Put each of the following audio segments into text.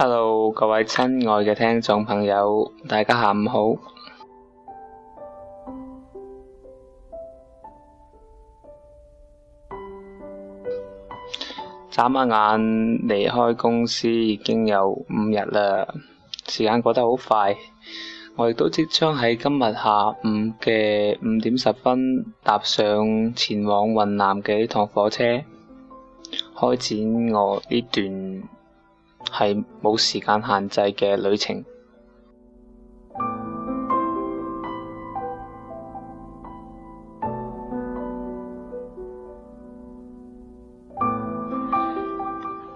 Hello，各位親愛嘅聽眾朋友，大家下午好。眨下眼離開公司已經有五日啦，時間過得好快。我亦都即將喺今日下午嘅五點十分搭上前往雲南嘅呢趟火車，開展我呢段。係冇時間限制嘅旅程，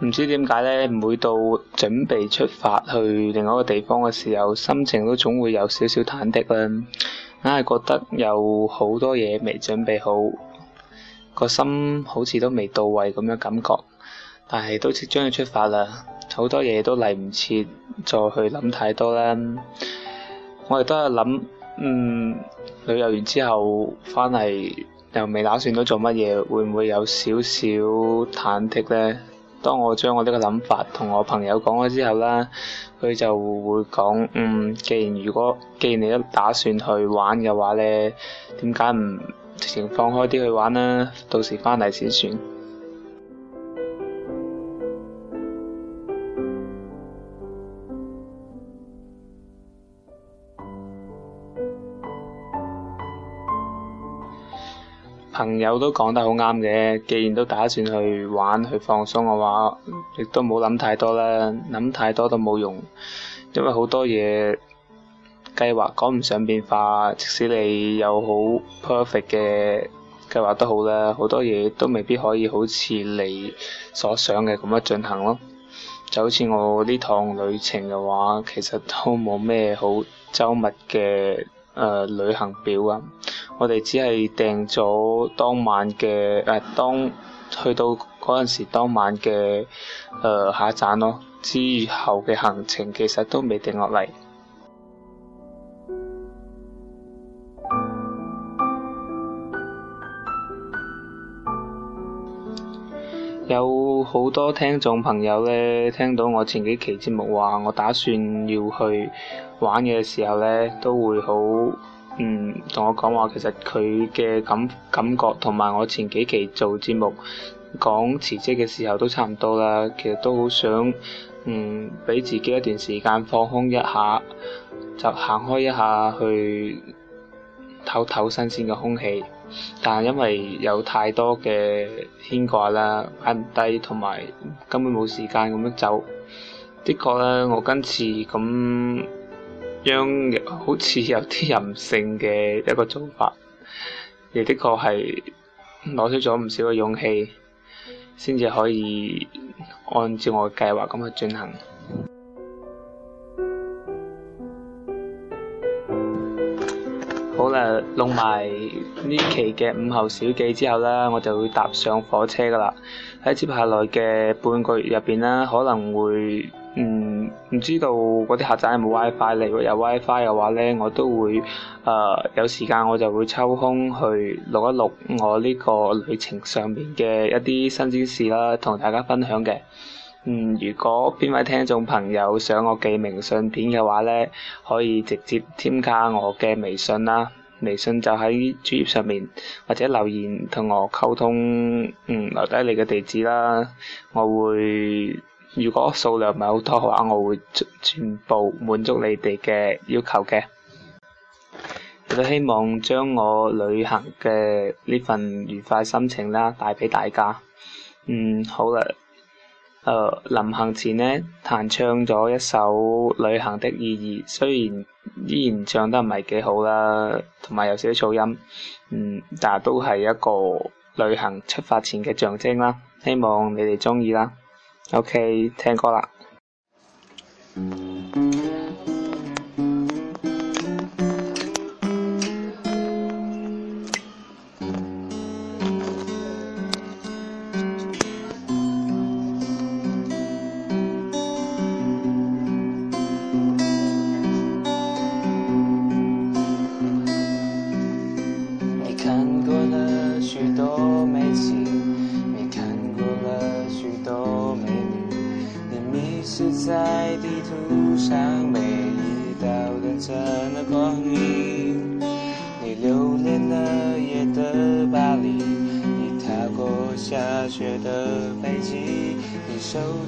唔知點解咧？每到準備出發去另外一個地方嘅時候，心情都總會有少少忐忑啦。硬係覺得有好多嘢未準備好，個心好似都未到位咁嘅感覺，但係都即將要出發啦。好多嘢都嚟唔切，再去諗太多啦。我亦都係諗，嗯，旅遊完之後翻嚟又未打算到做乜嘢，會唔會有少少忐忑咧？當我將我呢個諗法同我朋友講咗之後啦，佢就會講，嗯，既然如果既然你都打算去玩嘅話咧，點解唔直情放開啲去玩呢？到時翻嚟先算。朋友都講得好啱嘅，既然都打算去玩去放鬆嘅話，亦都冇諗太多啦。諗太多都冇用，因為好多嘢計劃趕唔上變化，即使你有好 perfect 嘅計劃都好啦，好多嘢都未必可以好似你所想嘅咁樣進行咯。就好似我呢趟旅程嘅話，其實都冇咩好周密嘅、呃、旅行表啊。我哋只係訂咗當晚嘅，唔、啊、係當去到嗰陣時，當晚嘅誒、呃、下一站咯。之後嘅行程其實都未定落嚟。 有好多聽眾朋友咧，聽到我前幾期節目話我打算要去玩嘅時候咧，都會好。嗯，同我講話，其實佢嘅感感覺同埋我前幾期做節目講辭職嘅時候都差唔多啦。其實都好想，嗯，俾自己一段時間放空一下，就行開一下去透透新鮮嘅空氣。但係因為有太多嘅牽掛啦，擺唔低，同埋根本冇時間咁樣走。的確呢，我今次咁。樣好似有啲任性嘅一個做法，你的確係攞出咗唔少嘅勇氣，先至可以按照我嘅計劃咁去進行。 好啦，錄埋呢期嘅午後小記之後呢，我就會搭上火車噶啦，喺接下來嘅半個月入邊呢，可能會～唔知道嗰啲客棧有冇 WiFi 嚟？Fi, 如果有 WiFi 嘅話咧，我都會誒、呃、有時間我就會抽空去錄一錄我呢個旅程上面嘅一啲新鮮事啦，同大家分享嘅。嗯，如果邊位聽眾朋友想我寄明信片嘅話咧，可以直接添加我嘅微信啦，微信就喺主頁上面或者留言同我溝通，嗯，留低你嘅地址啦，我會。如果數量唔係好多嘅話，我會全部滿足你哋嘅要求嘅。我都希望將我旅行嘅呢份愉快心情啦，帶俾大家。嗯，好啦，誒、呃，臨行前呢，彈唱咗一首《旅行的意義》，雖然依然唱得唔係幾好啦，同埋有少少噪音，嗯，但都係一個旅行出發前嘅象徵啦。希望你哋鍾意啦。O.K. 聽過啦～